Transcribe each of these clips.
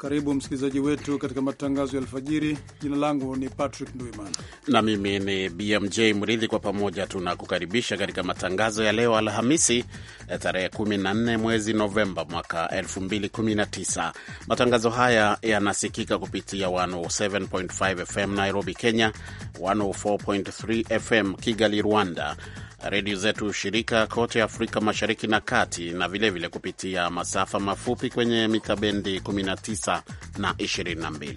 Karibu msikilizaji wetu katika matangazo ya alfajiri. Jina langu ni Patrick Ndwimana na mimi ni BMJ Mridhi. Kwa pamoja tunakukaribisha katika matangazo ya leo Alhamisi, eh, tarehe 14 mwezi Novemba mwaka 2019. Matangazo haya yanasikika kupitia 107.5 FM Nairobi, Kenya, 104.3 FM Kigali, Rwanda, redio zetu shirika kote Afrika Mashariki na Kati, na vilevile vile kupitia masafa mafupi kwenye mita bendi 19 na 22.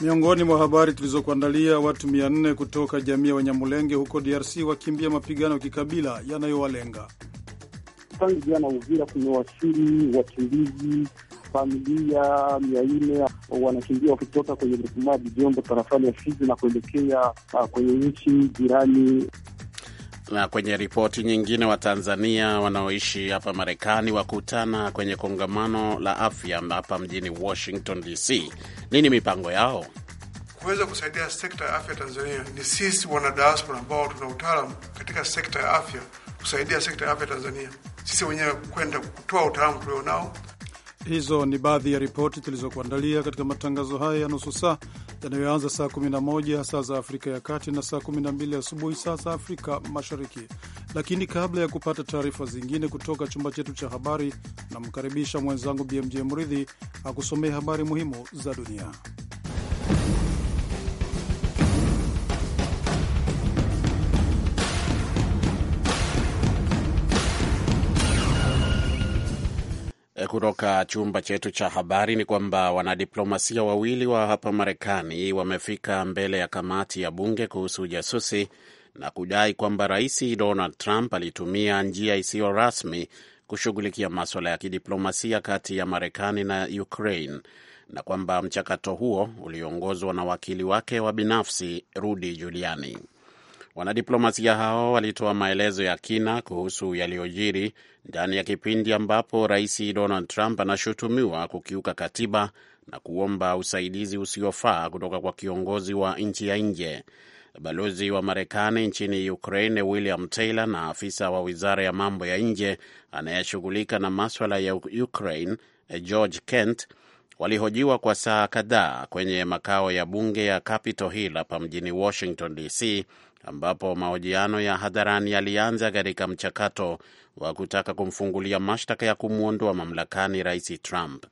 Miongoni mwa habari tulizokuandalia, watu 400 kutoka jamii ya Wanyamulenge huko DRC wakimbia mapigano ya kikabila yanayowalenga tangu jana. Uvira kumewasili wakimbizi familia wanakimbia wakitoka kwenye maji Jombo tarafani ya Fizi na kuelekea ah, kwenye nchi jirani. Na kwenye ripoti nyingine, Watanzania wanaoishi hapa Marekani wakutana kwenye kongamano la afya hapa mjini Washington DC. Nini mipango yao kuweza kusaidia sekta ya afya Tanzania? Ni sisi wanadiaspora ambao tuna utaalamu katika sekta ya afya kusaidia sekta ya afya Tanzania, sisi wenyewe kwenda kutoa utaalamu tulionao Hizo ni baadhi ya ripoti tulizokuandalia katika matangazo haya ya nusu saa yanayoanza saa 11 saa za Afrika ya Kati na saa 12 asubuhi saa za Afrika Mashariki. Lakini kabla ya kupata taarifa zingine kutoka chumba chetu cha habari, namkaribisha mwenzangu BMJ Mridhi akusomee habari muhimu za dunia. kutoka chumba chetu cha habari ni kwamba wanadiplomasia wawili wa hapa Marekani wamefika mbele ya kamati ya bunge kuhusu ujasusi na kudai kwamba Rais Donald Trump alitumia njia isiyo rasmi kushughulikia maswala ya kidiplomasia kati ya Marekani na Ukraine na kwamba mchakato huo uliongozwa na wakili wake wa binafsi Rudy Giuliani. Wanadiplomasia hao walitoa maelezo ya kina kuhusu yaliyojiri ndani ya kipindi ambapo Rais Donald Trump anashutumiwa kukiuka katiba na kuomba usaidizi usiofaa kutoka kwa kiongozi wa nchi ya nje. Balozi wa Marekani nchini Ukraine William Taylor na afisa wa wizara ya mambo ya nje anayeshughulika na maswala ya Ukraine George Kent walihojiwa kwa saa kadhaa kwenye makao ya bunge ya Capitol Hill hapa mjini Washington DC, ambapo mahojiano ya hadharani yalianza katika mchakato wa kutaka kumfungulia mashtaka ya kumwondoa mamlakani Rais Trump.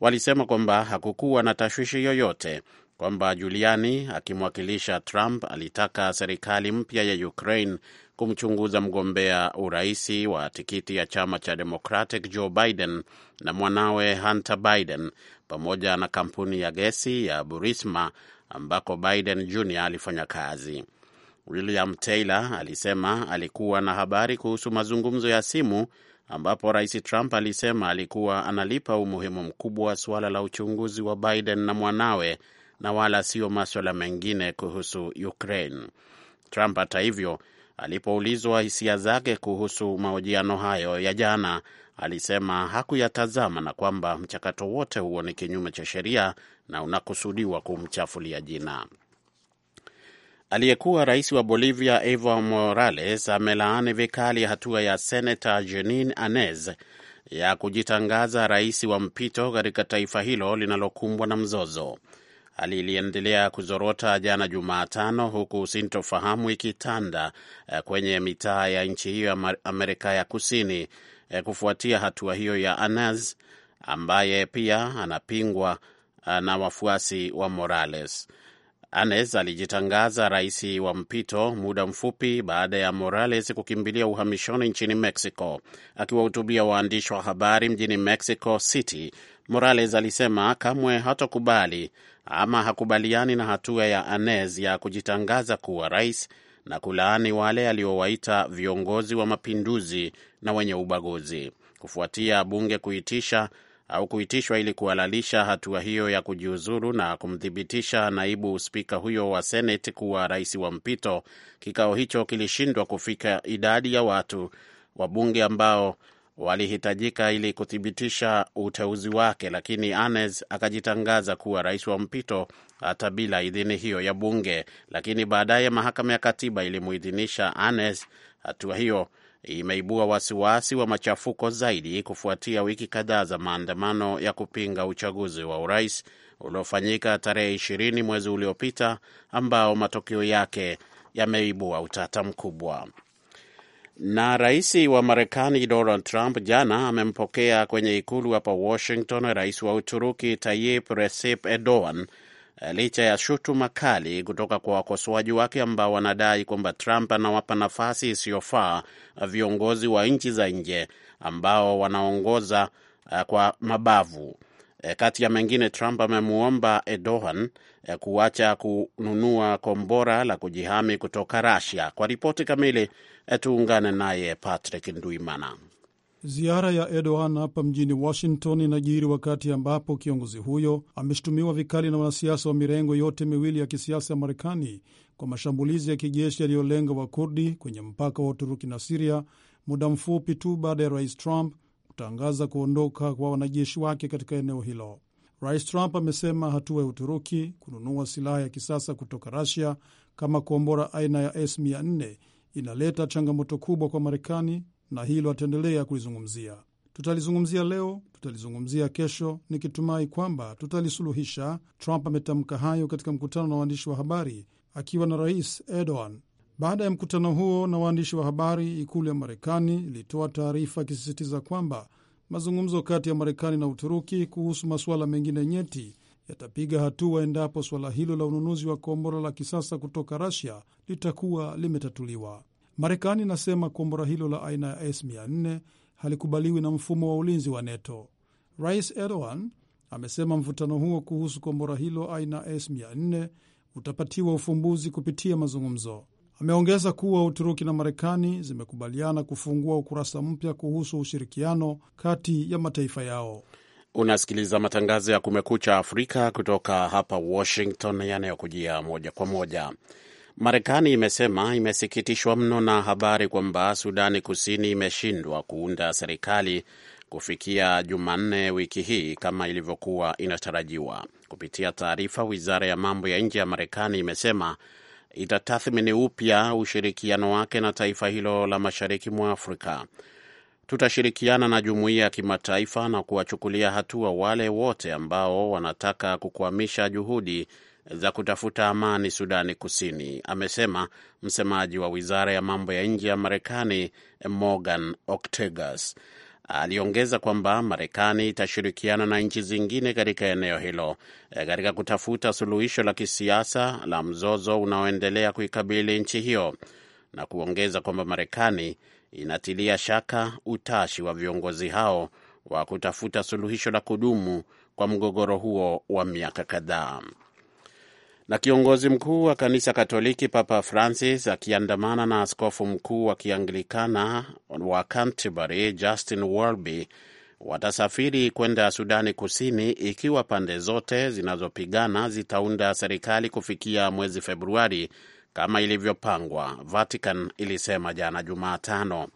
Walisema kwamba hakukuwa na tashwishi yoyote kwamba juliani akimwakilisha Trump alitaka serikali mpya ya Ukraine kumchunguza mgombea uraisi wa tikiti ya chama cha Democratic Joe Biden na mwanawe Hunter Biden pamoja na kampuni ya gesi ya Burisma ambako Biden Jr alifanya kazi. William Taylor alisema alikuwa na habari kuhusu mazungumzo ya simu ambapo Rais Trump alisema alikuwa analipa umuhimu mkubwa wa suala la uchunguzi wa Biden na mwanawe na wala sio maswala mengine kuhusu Ukraine. Trump hata hivyo Alipoulizwa hisia zake kuhusu mahojiano hayo ya jana, alisema hakuyatazama na kwamba mchakato wote huo ni kinyume cha sheria na unakusudiwa kumchafulia jina. Aliyekuwa rais wa Bolivia Evo Morales amelaani vikali hatua ya senata Jeanine Anez ya kujitangaza rais wa mpito katika taifa hilo linalokumbwa na mzozo. Hali iliendelea kuzorota jana Jumatano, huku sintofahamu ikitanda eh, kwenye mitaa ya nchi hiyo ya Amerika ya Kusini eh, kufuatia hatua hiyo ya anas ambaye pia anapingwa eh, na wafuasi wa Morales. Anes alijitangaza rais wa mpito muda mfupi baada ya Morales kukimbilia uhamishoni nchini Mexico. Akiwahutubia waandishi wa habari mjini Mexico City, Morales alisema kamwe hatokubali ama hakubaliani na hatua ya Anez ya kujitangaza kuwa rais na kulaani wale aliowaita viongozi wa mapinduzi na wenye ubaguzi kufuatia bunge kuitisha au kuitishwa ili kuhalalisha hatua hiyo ya kujiuzuru na kumthibitisha naibu spika huyo wa senet kuwa rais wa mpito. Kikao hicho kilishindwa kufika idadi ya watu wa bunge ambao walihitajika ili kuthibitisha uteuzi wake, lakini Anes akajitangaza kuwa rais wa mpito hata bila idhini hiyo ya bunge. Lakini baadaye mahakama ya katiba ilimuidhinisha Anes. Hatua hiyo imeibua wasiwasi wa machafuko zaidi kufuatia wiki kadhaa za maandamano ya kupinga uchaguzi wa urais uliofanyika tarehe ishirini mwezi uliopita ambao matokeo yake yameibua utata mkubwa. Na rais wa Marekani Donald Trump jana amempokea kwenye ikulu hapa Washington rais wa Uturuki Tayyip Recep Erdogan eh, licha ya shutuma kali kutoka kwa wakosoaji wake ambao wanadai kwamba Trump anawapa nafasi isiyofaa viongozi wa nchi za nje ambao wanaongoza eh, kwa mabavu. E, kati ya mengine Trump amemwomba Erdogan e, kuacha kununua kombora la kujihami kutoka Russia. Kwa ripoti kamili e, tuungane naye Patrick Nduimana. Ziara ya Erdogan hapa mjini Washington inajiri wakati ambapo kiongozi huyo ameshutumiwa vikali na wanasiasa wa mirengo yote miwili ya kisiasa ya Marekani kwa mashambulizi ya kijeshi yaliyolenga Wakurdi kwenye mpaka wa Uturuki na Siria muda mfupi tu baada ya rais Trump kutangaza kuondoka kwa wanajeshi wake katika eneo hilo. Rais Trump amesema hatua ya Uturuki kununua silaha ya kisasa kutoka Rasia kama kombora aina ya S400 inaleta changamoto kubwa kwa Marekani, na hilo ataendelea kulizungumzia. Tutalizungumzia leo, tutalizungumzia kesho, nikitumai kwamba tutalisuluhisha. Trump ametamka hayo katika mkutano na waandishi wa habari akiwa na Rais Erdogan baada ya mkutano huo na waandishi wa habari, ikulu ya Marekani ilitoa taarifa ikisisitiza kwamba mazungumzo kati ya Marekani na Uturuki kuhusu masuala mengine nyeti yatapiga hatua endapo suala hilo la ununuzi wa kombora la kisasa kutoka Rasia litakuwa limetatuliwa. Marekani inasema kombora hilo la aina ya S400 halikubaliwi na mfumo wa ulinzi wa NATO. Rais Erdogan amesema mvutano huo kuhusu kombora hilo aina S400 utapatiwa ufumbuzi kupitia mazungumzo. Ameongeza kuwa Uturuki na Marekani zimekubaliana kufungua ukurasa mpya kuhusu ushirikiano kati ya mataifa yao. Unasikiliza matangazo ya Kumekucha Afrika kutoka hapa Washington yanayokujia moja kwa moja. Marekani imesema imesikitishwa mno na habari kwamba Sudani Kusini imeshindwa kuunda serikali kufikia Jumanne wiki hii kama ilivyokuwa inatarajiwa. Kupitia taarifa, wizara ya mambo ya nje ya Marekani imesema itatathmini upya ushirikiano wake na taifa hilo la mashariki mwa Afrika. Tutashirikiana na jumuiya ya kimataifa na kuwachukulia hatua wale wote ambao wanataka kukwamisha juhudi za kutafuta amani Sudani Kusini, amesema msemaji wa wizara ya mambo ya nje ya Marekani Morgan Octagus. Aliongeza kwamba Marekani itashirikiana na nchi zingine katika eneo hilo e, katika kutafuta suluhisho la kisiasa la mzozo unaoendelea kuikabili nchi hiyo na kuongeza kwamba Marekani inatilia shaka utashi wa viongozi hao wa kutafuta suluhisho la kudumu kwa mgogoro huo wa miaka kadhaa. Na kiongozi mkuu wa kanisa Katoliki Papa Francis akiandamana na askofu mkuu wa Kianglikana wa Canterbury Justin Welby watasafiri kwenda Sudani Kusini ikiwa pande zote zinazopigana zitaunda serikali kufikia mwezi Februari kama ilivyopangwa, Vatican ilisema jana Jumatano.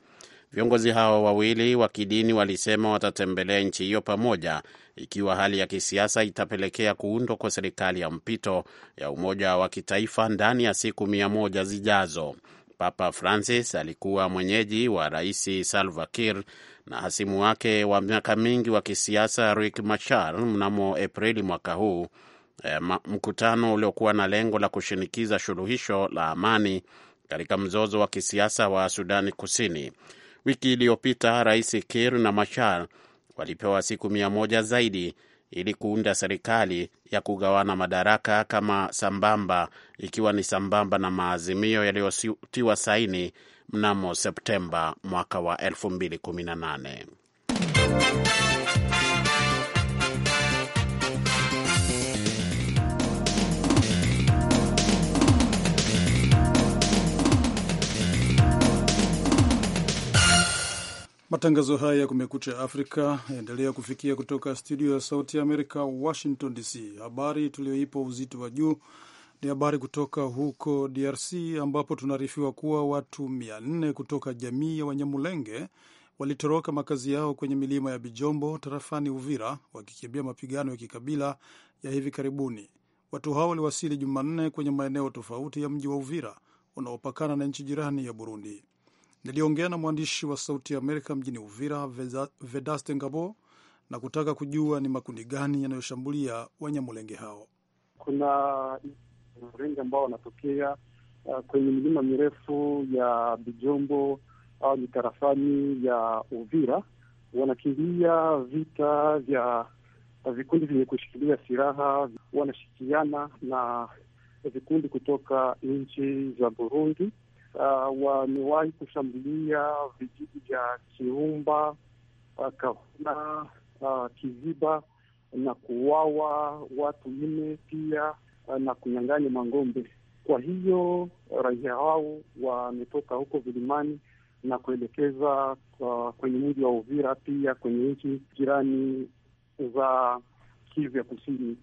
Viongozi hao wawili wa kidini walisema watatembelea nchi hiyo pamoja ikiwa hali ya kisiasa itapelekea kuundwa kwa serikali ya mpito ya umoja wa kitaifa ndani ya siku mia moja zijazo. Papa Francis alikuwa mwenyeji wa Rais Salva Kiir na hasimu wake wa miaka mingi wa kisiasa Riek Machar mnamo Aprili mwaka huu, e, mkutano uliokuwa na lengo la kushinikiza suluhisho la amani katika mzozo wa kisiasa wa Sudani Kusini. Wiki iliyopita Rais Kir na Machar walipewa siku mia moja zaidi ili kuunda serikali ya kugawana madaraka kama sambamba, ikiwa ni sambamba na maazimio yaliyotiwa saini mnamo Septemba mwaka wa 2018. Matangazo haya ya Kumekucha Afrika yaendelea kufikia kutoka studio ya Sauti ya Amerika, Washington DC. Habari tuliyoipa uzito wa juu ni habari kutoka huko DRC ambapo tunaarifiwa kuwa watu mia nne kutoka jamii ya Wanyamulenge walitoroka makazi yao kwenye milima ya Bijombo tarafani Uvira wakikimbia mapigano ya kikabila ya hivi karibuni. Watu hao waliwasili Jumanne kwenye maeneo tofauti ya mji wa Uvira unaopakana na nchi jirani ya Burundi. Niliongea na mwandishi wa Sauti ya Amerika mjini Uvira, Vedaste Ngabo, na kutaka kujua ni makundi gani yanayoshambulia Wanyamulenge hao. Kuna Wanyamulenge ambao wanatokea uh, kwenye milima mirefu ya Bijombo au ni tarafani ya Uvira, wanakimbia vita vya uh, vikundi vyenye kushikilia silaha, wanashikiana na vikundi kutoka nchi za Burundi uh, wamewahi kushambulia vijiji vya kiumba uh, Kahuna, uh, Kiziba na kuwawa watu nne pia uh, na kunyang'anya mang'ombe. Kwa hiyo raia wao wametoka huko vilimani na kuelekeza uh, kwenye mji wa Uvira pia kwenye nchi jirani za Kivu ya Kusini.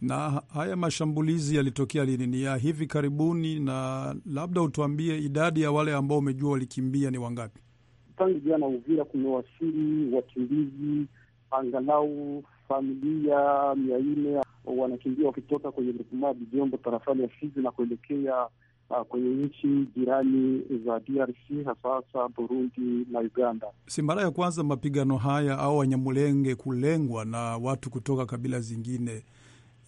Na haya mashambulizi yalitokea lini? Ni ya hivi karibuni, na labda utuambie idadi ya wale ambao umejua walikimbia ni wangapi? Tangu jana Uvira kumewasili wakimbizi angalau familia mia nne wanakimbia wakitoka kwenye Mrekumaa Bijombo tarafani ya Fizi na kuelekea uh, kwenye nchi jirani za DRC hasahasa Burundi na Uganda. Si mara ya kwanza mapigano haya au Wanyamulenge kulengwa na watu kutoka kabila zingine.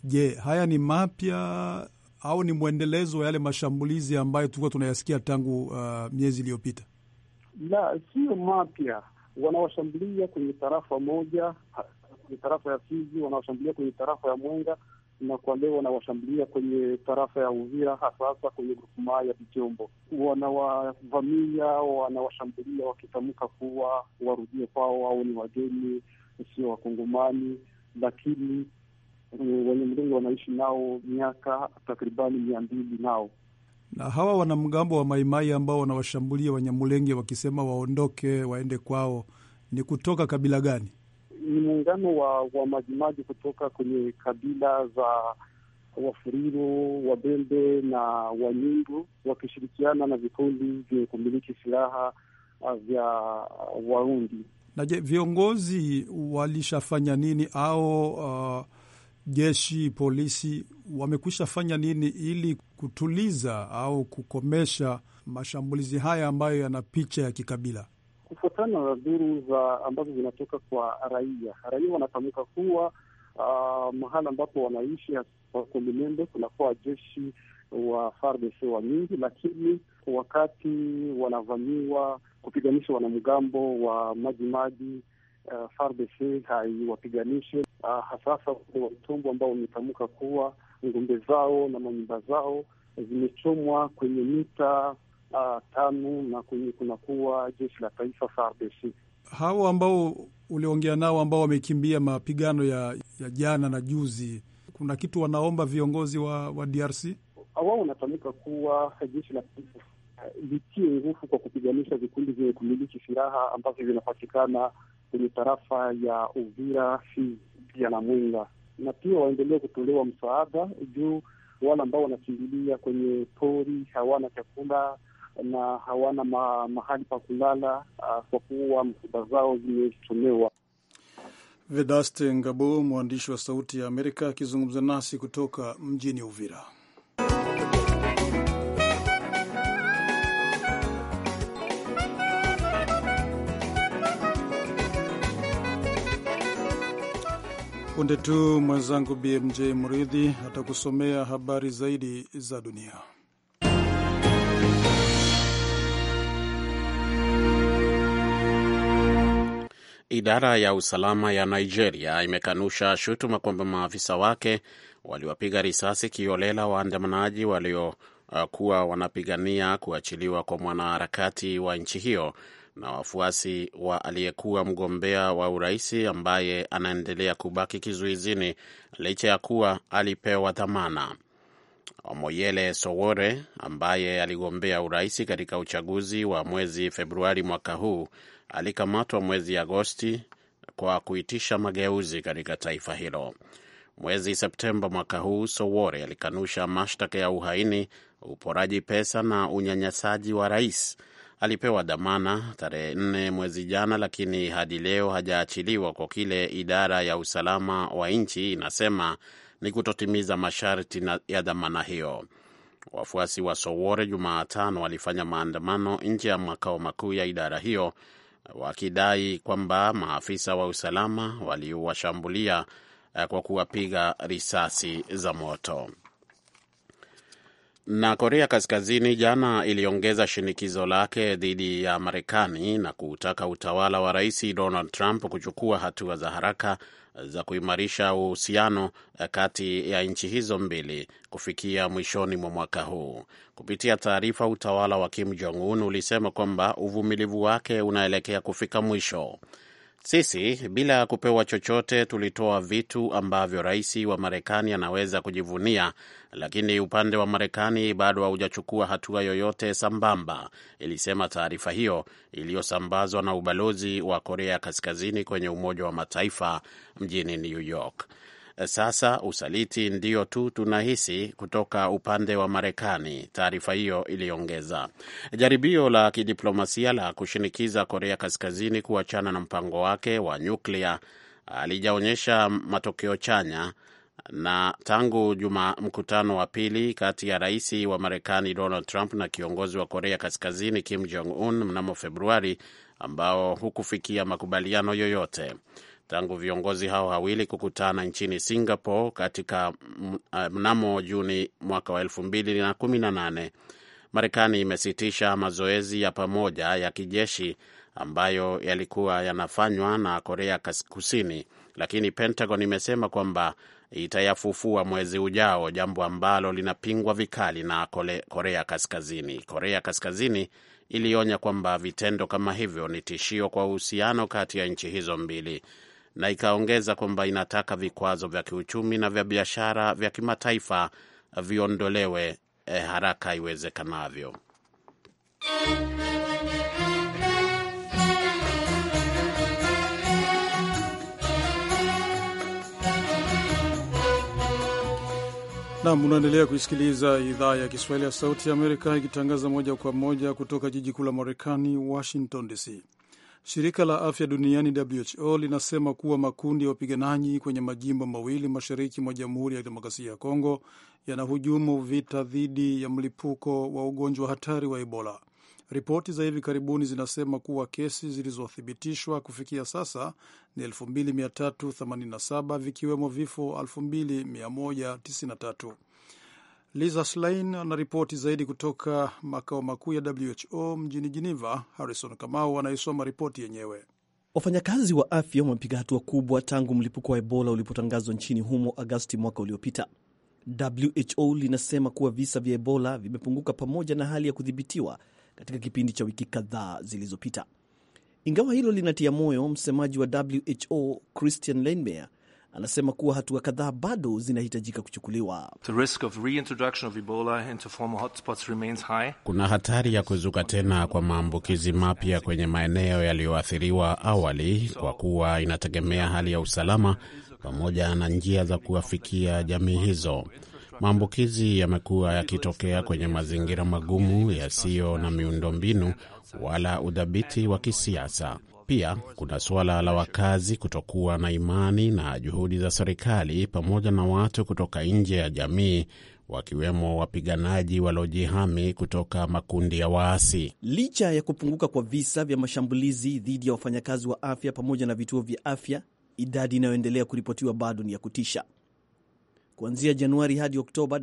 Je, haya ni mapya au ni mwendelezo wa yale mashambulizi ambayo tulikuwa tunayasikia tangu uh, miezi iliyopita? La, siyo mapya. Wanawashambulia kwenye tarafa moja, kwenye tarafa ya Fizi, wanawashambulia kwenye tarafa ya Mwenga na kwa leo wanawashambulia kwenye tarafa ya Uvira, hasa hasa kwenye grupuma ya Vichombo. Wanawavamia, wanawashambulia wakitamka kuwa warudie kwao au ni wageni, sio Wakongomani, lakini Eh, wenye mrengo wanaishi nao miaka takribani mia mbili nao na hawa wanamgambo wa Maimai ambao wanawashambulia Wanyamulenge wakisema waondoke waende kwao, ni kutoka kabila gani? Ni muungano wa, wa Majimaji kutoka kwenye kabila za Wafuriru, Wabembe na Wanyindu wakishirikiana na vikundi vyenye kumiliki silaha ah, vya Warundi. Na je, viongozi walishafanya nini au uh, jeshi, polisi wamekwisha fanya nini ili kutuliza au kukomesha mashambulizi haya ambayo yana picha ya kikabila? Kufuatana na duru za ambazo zinatoka kwa raia, raia wanatamka kuwa uh, mahala ambapo wanaishi huko Minembwe kunakuwa jeshi wa FARDC wa nyingi lakini wakati wanavamiwa kupiganisha wanamgambo wa majimaji, uh, ah, FARDC haiwapiganishe uh, ah, hasahasa wale Waitumbu ambao wametamka kuwa ng'ombe zao na manyumba zao zimechomwa kwenye mita uh, tano na kwenye kunakuwa jeshi la taifa FARDC. Hao ambao uliongea nao ambao wamekimbia mapigano ya, ya jana na juzi, kuna kitu wanaomba viongozi wa, wa DRC? Wao wanatamka kuwa jeshi la taifa eh, litie nguvu kwa kupiganisha vikundi vyenye kumiliki silaha ambavyo vinapatikana kwenye tarafa ya Uvira, Fizi Byanamwinga, na pia waendelee kutolewa msaada juu wale ambao wanakimbilia kwenye pori hawana chakula na hawana ma, mahali pa kulala ah, kwa kuwa mkuba zao zimechomewa. Vedaste Ngabo, mwandishi wa Sauti ya Amerika, akizungumza nasi kutoka mjini Uvira. Punde tu mwenzangu BMJ Mridhi atakusomea habari zaidi za dunia. Idara ya usalama ya Nigeria imekanusha shutuma kwamba maafisa wake waliwapiga risasi kiolela waandamanaji waliokuwa wanapigania kuachiliwa kwa mwanaharakati wa nchi hiyo na wafuasi wa aliyekuwa mgombea wa uraisi ambaye anaendelea kubaki kizuizini licha ya kuwa alipewa dhamana. Omoyele Sowore ambaye aligombea uraisi katika uchaguzi wa mwezi Februari mwaka huu alikamatwa mwezi Agosti kwa kuitisha mageuzi katika taifa hilo. Mwezi Septemba mwaka huu, Sowore alikanusha mashtaka ya uhaini, uporaji pesa na unyanyasaji wa rais alipewa dhamana tarehe nne mwezi jana, lakini hadi leo hajaachiliwa kwa kile idara ya usalama wa nchi inasema ni kutotimiza masharti ya dhamana hiyo. Wafuasi wa Sowore Jumatano walifanya maandamano nje ya makao makuu ya idara hiyo wakidai kwamba maafisa wa usalama waliwashambulia eh, kwa kuwapiga risasi za moto. Na Korea Kaskazini jana iliongeza shinikizo lake dhidi ya Marekani na kutaka utawala wa Rais Donald Trump kuchukua hatua za haraka za kuimarisha uhusiano kati ya nchi hizo mbili kufikia mwishoni mwa mwaka huu. Kupitia taarifa, utawala wa Kim Jong Un ulisema kwamba uvumilivu wake unaelekea kufika mwisho. Sisi bila kupewa chochote tulitoa vitu ambavyo rais wa Marekani anaweza kujivunia, lakini upande wa Marekani bado haujachukua hatua yoyote sambamba, ilisema taarifa hiyo iliyosambazwa na ubalozi wa Korea Kaskazini kwenye Umoja wa Mataifa mjini New York. Sasa usaliti ndio tu tunahisi kutoka upande wa Marekani, taarifa hiyo iliongeza. Jaribio la kidiplomasia la kushinikiza Korea Kaskazini kuachana na mpango wake wa nyuklia alijaonyesha matokeo chanya na tangu juma mkutano wa pili kati ya rais wa Marekani Donald Trump na kiongozi wa Korea Kaskazini Kim Jong Un mnamo Februari, ambao hukufikia makubaliano yoyote tangu viongozi hao wawili kukutana nchini Singapore katika eh, mnamo Juni mwaka wa 2018. Marekani imesitisha mazoezi ya pamoja ya kijeshi ambayo yalikuwa yanafanywa na Korea Kusini, lakini Pentagon imesema kwamba itayafufua mwezi ujao, jambo ambalo linapingwa vikali na Korea Kaskazini. Korea Kaskazini ilionya kwamba vitendo kama hivyo ni tishio kwa uhusiano kati ya nchi hizo mbili na ikaongeza kwamba inataka vikwazo vya kiuchumi na vya biashara vya kimataifa viondolewe eh, haraka iwezekanavyo. Nam, unaendelea kuisikiliza idhaa ya Kiswahili ya Sauti ya Amerika ikitangaza moja kwa moja kutoka jiji kuu la Marekani, Washington DC. Shirika la afya duniani WHO linasema kuwa makundi ya wapiganaji kwenye majimbo mawili mashariki mwa Jamhuri ya Kidemokrasia ya Kongo yanahujumu vita dhidi ya mlipuko wa ugonjwa hatari wa Ebola. Ripoti za hivi karibuni zinasema kuwa kesi zilizothibitishwa kufikia sasa ni 2387 vikiwemo vifo 2193. Lisa Schlein anaripoti zaidi kutoka makao makuu ya WHO mjini Geneva. Harrison Kamau anayesoma ripoti yenyewe. Wafanyakazi wa afya wamepiga hatua kubwa tangu mlipuko wa Ebola ulipotangazwa nchini humo Agasti mwaka uliopita. WHO linasema kuwa visa vya Ebola vimepunguka pamoja na hali ya kudhibitiwa katika kipindi cha wiki kadhaa zilizopita. Ingawa hilo linatia moyo, msemaji wa WHO Christian Leinmeier anasema kuwa hatua kadhaa bado zinahitajika kuchukuliwa. Kuna hatari ya kuzuka tena kwa maambukizi mapya kwenye maeneo yaliyoathiriwa awali, kwa kuwa inategemea hali ya usalama pamoja na njia za kuwafikia jamii hizo. Maambukizi yamekuwa yakitokea kwenye mazingira magumu yasiyo na miundombinu wala udhabiti wa kisiasa. Pia kuna suala la wakazi kutokuwa na imani na juhudi za serikali pamoja na watu kutoka nje ya jamii wakiwemo wapiganaji waliojihami kutoka makundi ya waasi. Licha ya kupunguka kwa visa vya mashambulizi dhidi ya wafanyakazi wa afya pamoja na vituo vya afya, idadi inayoendelea kuripotiwa bado ni ya kutisha. Kuanzia Januari hadi Oktoba,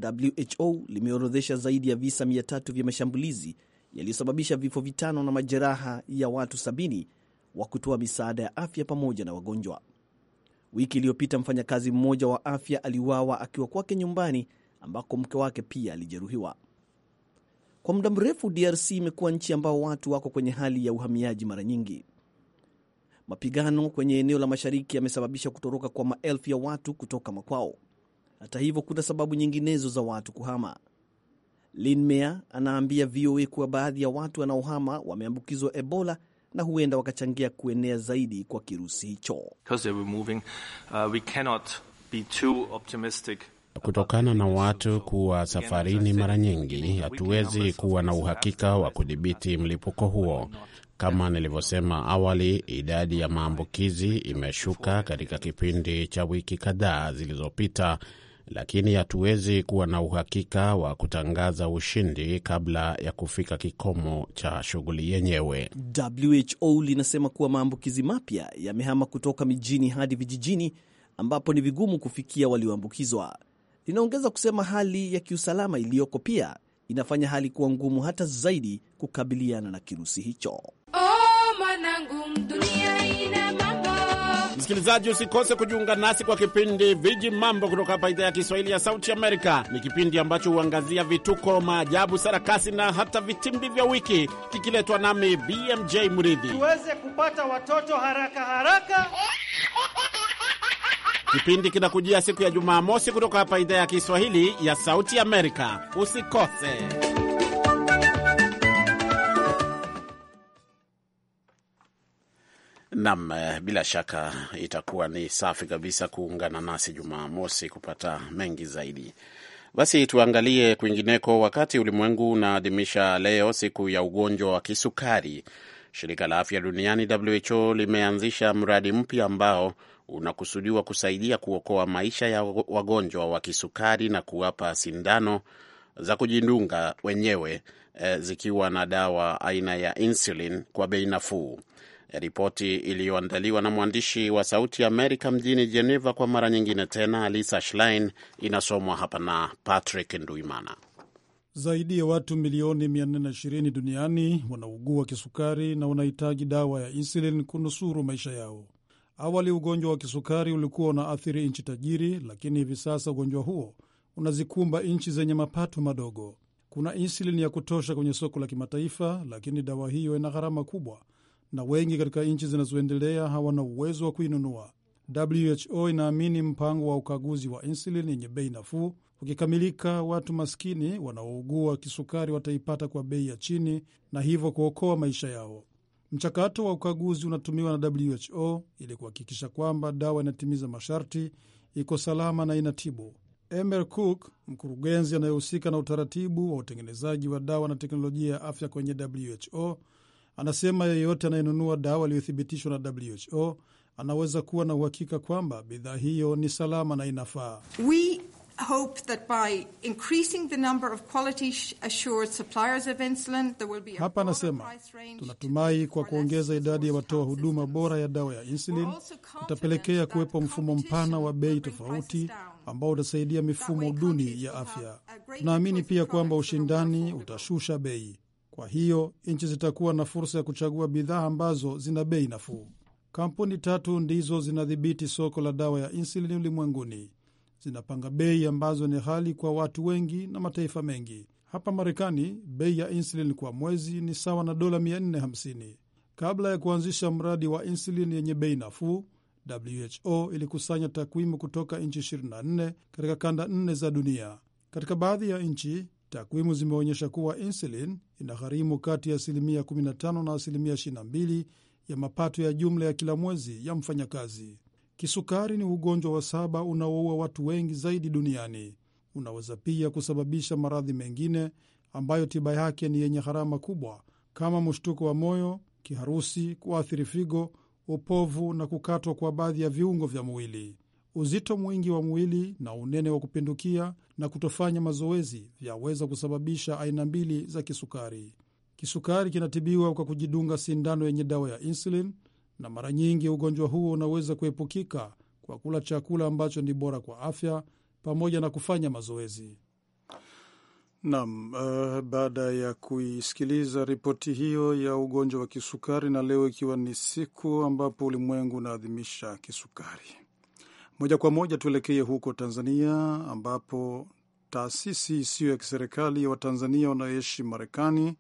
WHO limeorodhesha zaidi ya visa 300 vya mashambulizi yaliyosababisha vifo vitano na majeraha ya watu 70 wa kutoa misaada ya afya pamoja na wagonjwa. Wiki iliyopita mfanyakazi mmoja wa afya aliuawa akiwa kwake nyumbani ambako mke wake pia alijeruhiwa. Kwa muda mrefu, DRC imekuwa nchi ambao watu wako kwenye hali ya uhamiaji mara nyingi. Mapigano kwenye eneo la mashariki yamesababisha kutoroka kwa maelfu ya watu kutoka makwao. Hata hivyo, kuna sababu nyinginezo za watu kuhama. Lin anaambia VOA kuwa baadhi ya watu wanaohama wameambukizwa Ebola na huenda wakachangia kuenea zaidi kwa kirusi hicho. Uh, Kutokana na watu kuwa safarini mara nyingi, hatuwezi kuwa na uhakika wa kudhibiti mlipuko huo. Kama nilivyosema awali, idadi ya maambukizi imeshuka katika kipindi cha wiki kadhaa zilizopita lakini hatuwezi kuwa na uhakika wa kutangaza ushindi kabla ya kufika kikomo cha shughuli yenyewe. WHO linasema kuwa maambukizi mapya yamehama kutoka mijini hadi vijijini ambapo ni vigumu kufikia walioambukizwa. Linaongeza kusema hali ya kiusalama iliyoko pia inafanya hali kuwa ngumu hata zaidi kukabiliana na kirusi hicho. Oh, Msikilizaji, usikose kujiunga nasi kwa kipindi Viji Mambo kutoka hapa idhaa ya Kiswahili ya Sauti Amerika. Ni kipindi ambacho huangazia vituko, maajabu, sarakasi na hata vitimbi vya wiki, kikiletwa nami BMJ Mridhi tuweze kupata watoto haraka haraka. Kipindi kinakujia siku ya Jumamosi kutoka hapa idhaa ya Kiswahili ya Sauti Amerika. Usikose. Nam, eh, bila shaka itakuwa ni safi kabisa kuungana nasi Jumamosi kupata mengi zaidi. Basi tuangalie kwingineko. Wakati ulimwengu unaadhimisha leo siku ya ugonjwa wa kisukari, shirika la afya duniani WHO limeanzisha mradi mpya ambao unakusudiwa kusaidia kuokoa maisha ya wagonjwa wa kisukari na kuwapa sindano za kujidunga wenyewe eh, zikiwa na dawa aina ya insulin kwa bei nafuu. Ripoti iliyoandaliwa na mwandishi wa Sauti Amerika mjini Geneva kwa mara nyingine tena, Lisa Schlein, inasomwa hapa na Patrick Nduimana. Zaidi ya watu milioni 420 duniani wanaugua kisukari na wanahitaji dawa ya insulin kunusuru maisha yao. Awali ugonjwa wa kisukari ulikuwa unaathiri nchi tajiri, lakini hivi sasa ugonjwa huo unazikumba nchi zenye mapato madogo. Kuna insulin ya kutosha kwenye soko la kimataifa, lakini dawa hiyo ina gharama kubwa na wengi katika nchi zinazoendelea hawana uwezo wa kuinunua. WHO inaamini mpango wa ukaguzi wa insulin yenye bei nafuu ukikamilika, watu maskini wanaougua kisukari wataipata kwa bei ya chini na hivyo kuokoa maisha yao. Mchakato wa ukaguzi unatumiwa na WHO ili kuhakikisha kwamba dawa inatimiza masharti, iko salama na inatibu. Emer Cook, mkurugenzi anayehusika na utaratibu wa utengenezaji wa dawa na teknolojia ya afya kwenye WHO, Anasema yeyote anayenunua dawa iliyothibitishwa na WHO anaweza kuwa na uhakika kwamba bidhaa hiyo ni salama na inafaa. We hope that by increasing the number of quality assured suppliers of insulin, there will be a hapa anasema tunatumai kwa kuongeza idadi ya watoa huduma bora ya dawa ya insulin itapelekea kuwepo mfumo mpana wa bei tofauti ambao utasaidia mifumo duni ya afya. Tunaamini pia kwamba ushindani utashusha bei. Kwa hiyo nchi zitakuwa na fursa ya kuchagua bidhaa ambazo zina bei nafuu. Kampuni tatu ndizo zinadhibiti soko la dawa ya insulin ulimwenguni. Zinapanga bei ambazo ni ghali kwa watu wengi na mataifa mengi. Hapa Marekani, bei ya insulin kwa mwezi ni sawa na dola 450. Kabla ya kuanzisha mradi wa insulin yenye bei nafuu, WHO ilikusanya takwimu kutoka nchi 24 katika kanda nne za dunia. Katika baadhi ya nchi, Takwimu zimeonyesha kuwa insulin inagharimu kati ya asilimia 15 na asilimia 22 ya mapato ya jumla ya kila mwezi ya mfanyakazi. Kisukari ni ugonjwa wa saba unaoua watu wengi zaidi duniani. Unaweza pia kusababisha maradhi mengine ambayo tiba yake ni yenye gharama kubwa kama mshtuko wa moyo, kiharusi, kuathiri figo, upovu na kukatwa kwa baadhi ya viungo vya mwili uzito mwingi wa mwili na unene wa kupindukia na kutofanya mazoezi vyaweza kusababisha aina mbili za kisukari. Kisukari kinatibiwa kwa kujidunga sindano yenye dawa ya insulin, na mara nyingi ugonjwa huo unaweza kuepukika kwa kula chakula ambacho ni bora kwa afya pamoja na kufanya mazoezi. Naam, uh, baada ya kuisikiliza ripoti hiyo ya ugonjwa wa kisukari, na leo ikiwa ni siku ambapo ulimwengu unaadhimisha kisukari moja kwa moja tuelekee huko Tanzania, ambapo taasisi isiyo ya kiserikali ya Watanzania wanaoishi Marekani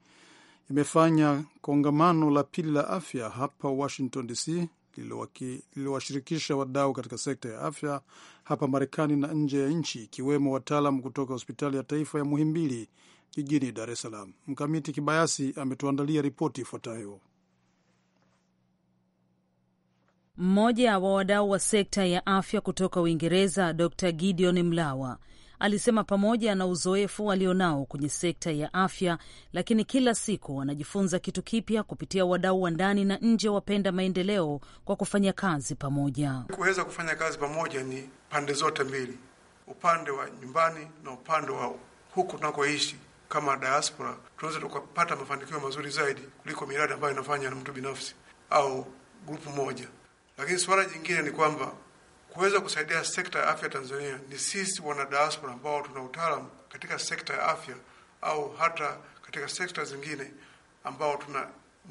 imefanya kongamano la pili la afya hapa Washington DC lililowashirikisha wadau katika sekta ya afya hapa Marekani na nje ya nchi ikiwemo wataalam kutoka hospitali ya taifa ya Muhimbili jijini Dar es Salaam. Mkamiti Kibayasi ametuandalia ripoti ifuatayo. Mmoja wa wadau wa sekta ya afya kutoka Uingereza, Dr Gideon Mlawa alisema pamoja na uzoefu alionao kwenye sekta ya afya, lakini kila siku wanajifunza kitu kipya kupitia wadau wa ndani na nje wapenda maendeleo kwa kufanya kazi pamoja. Kuweza kufanya kazi pamoja ni pande zote mbili, upande wa nyumbani na upande wa huku tunakoishi kama diaspora, tunaweza tukapata mafanikio mazuri zaidi kuliko miradi ambayo inafanya na mtu binafsi au grupu moja. Lakini suala jingine ni kwamba kuweza kusaidia sekta ya afya Tanzania, ni sisi wana diaspora ambao tuna utaalamu katika sekta ya afya au hata katika sekta zingine ambao tuna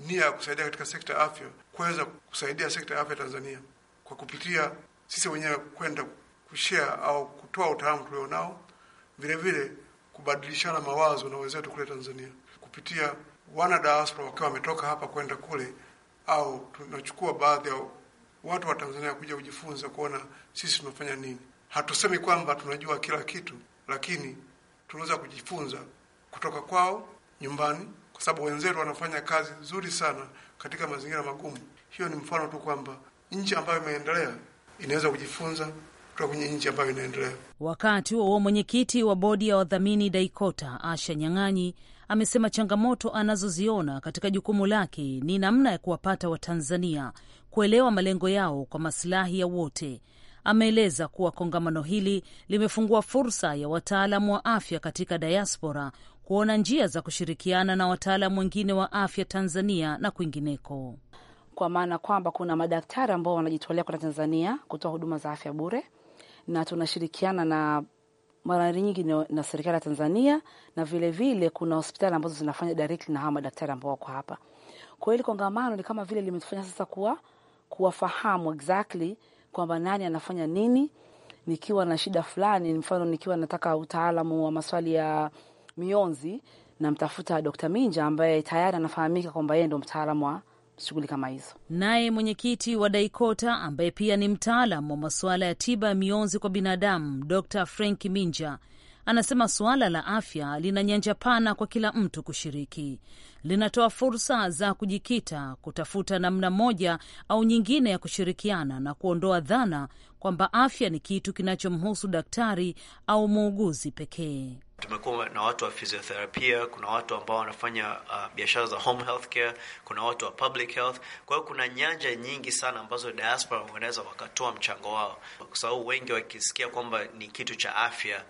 nia ya kusaidia katika sekta ya afya, kuweza kusaidia sekta ya afya Tanzania kwa kupitia sisi wenyewe kwenda kushare au kutoa utaalamu tulionao, vile vile kubadilishana mawazo na wenzetu kule Tanzania kupitia wana diaspora wakiwa wametoka hapa kwenda kule, au tunachukua baadhi ya watu wa Tanzania kuja kujifunza kuona sisi tunafanya nini. Hatusemi kwamba tunajua kila kitu, lakini tunaweza kujifunza kutoka kwao nyumbani, kwa sababu wenzetu wanafanya kazi nzuri sana katika mazingira magumu. Hiyo ni mfano tu kwamba nchi ambayo imeendelea inaweza kujifunza kutoka kwenye nchi ambayo inaendelea. Wakati huo mwenyekiti wa bodi ya wadhamini Daikota Asha Nyang'anyi amesema changamoto anazoziona katika jukumu lake ni namna ya kuwapata Watanzania kuelewa malengo yao kwa masilahi ya wote. Ameeleza kuwa kongamano hili limefungua fursa ya wataalamu wa afya katika diaspora kuona njia za kushirikiana na wataalamu wengine wa afya Tanzania na kwingineko, kwa maana kwamba kuna madaktari ambao wanajitolea kwenda Tanzania kutoa huduma za afya bure na tunashirikiana na mara nyingi na serikali ya Tanzania na vilevile vile, kuna hospitali ambazo zinafanya directly na hawa madaktari ambao wako hapa. Kwa hiyo kongamano ni kama vile limetufanya sasa kuwa kuwafahamu exactly kwamba nani anafanya nini. Nikiwa na shida fulani, mfano nikiwa nataka utaalamu wa maswali ya mionzi, namtafuta Dr. Minja ambaye tayari anafahamika kwamba yeye ndo mtaalamu wa shughuli kama hizo. Naye mwenyekiti wa DAIKOTA ambaye pia ni mtaalam wa masuala ya tiba ya mionzi kwa binadamu Dr Frank Minja anasema suala la afya lina nyanja pana kwa kila mtu kushiriki, linatoa fursa za kujikita, kutafuta namna moja au nyingine ya kushirikiana na kuondoa dhana kwamba afya ni kitu kinachomhusu daktari au muuguzi pekee. Tumekuwa na watu wa physiotherapia, kuna watu ambao wanafanya uh, biashara za home health care, kuna watu wa public health. Kwa hiyo kuna nyanja nyingi sana ambazo diaspora wanaweza wakatoa mchango wao, kwa sababu wengi wakisikia kwamba ni kitu cha afya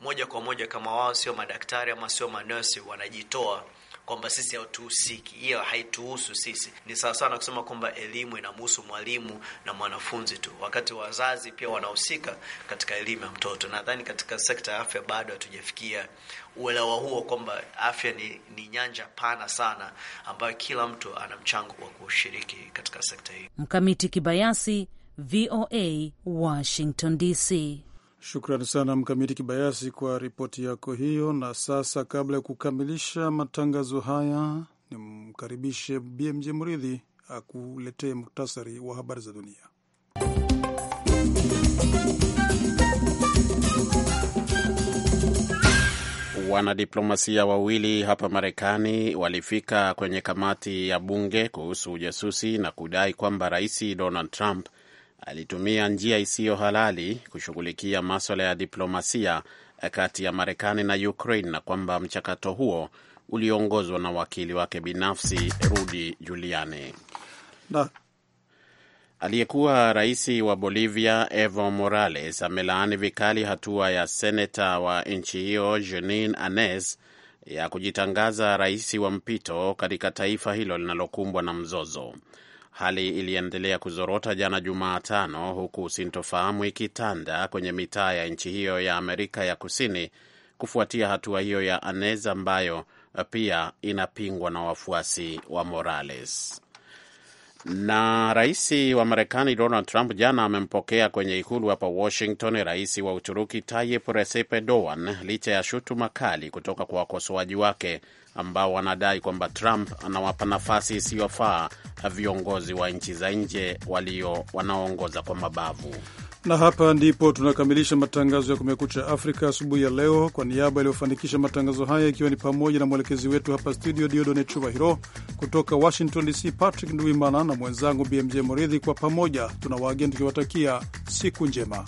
moja kwa moja, kama wao sio madaktari ama sio manesi, wanajitoa kwamba sisi hatuhusiki, hiyo haituhusu sisi. Ni sawa sawa na kusema kwamba elimu inamhusu mwalimu na mwanafunzi tu, wakati wazazi pia wanahusika katika elimu ya mtoto. Nadhani katika sekta ya afya bado hatujafikia uelewa huo kwamba afya ni, ni nyanja pana sana ambayo kila mtu ana mchango wa kushiriki katika sekta hii. Mkamiti Kibayasi, VOA, Washington DC. Shukrani sana Mkamiti Kibayasi kwa ripoti yako hiyo. Na sasa kabla ya kukamilisha matangazo haya, nimkaribishe BMJ Mridhi akuletee muktasari wa habari za dunia. Wanadiplomasia wawili hapa Marekani walifika kwenye kamati ya bunge kuhusu ujasusi na kudai kwamba Rais Donald Trump alitumia njia isiyo halali kushughulikia maswala ya diplomasia kati ya Marekani na Ukraine na kwamba mchakato huo uliongozwa na wakili wake binafsi Rudy Giuliani. Aliyekuwa rais wa Bolivia Evo Morales amelaani vikali hatua ya seneta wa nchi hiyo Jeanine Anez ya kujitangaza rais wa mpito katika taifa hilo linalokumbwa na mzozo. Hali iliendelea kuzorota jana Jumatano, huku sintofahamu ikitanda kwenye mitaa ya nchi hiyo ya Amerika ya Kusini kufuatia hatua hiyo ya Anez ambayo pia inapingwa na wafuasi wa Morales. Na rais wa Marekani Donald Trump jana amempokea kwenye ikulu hapa Washington rais wa Uturuki Tayyip Recep Erdogan licha ya shutuma kali kutoka kwa wakosoaji wake ambao wanadai kwamba Trump anawapa nafasi isiyofaa viongozi wa nchi za nje walio wanaoongoza kwa mabavu. Na hapa ndipo tunakamilisha matangazo ya Kumekucha Afrika asubuhi ya leo. Kwa niaba yaliyofanikisha matangazo haya, ikiwa ni pamoja na mwelekezi wetu hapa studio Diodone hiro kutoka Washington DC Patrick Nduimana na mwenzangu BMJ Moridhi, kwa pamoja tuna waageni tukiwatakia siku njema.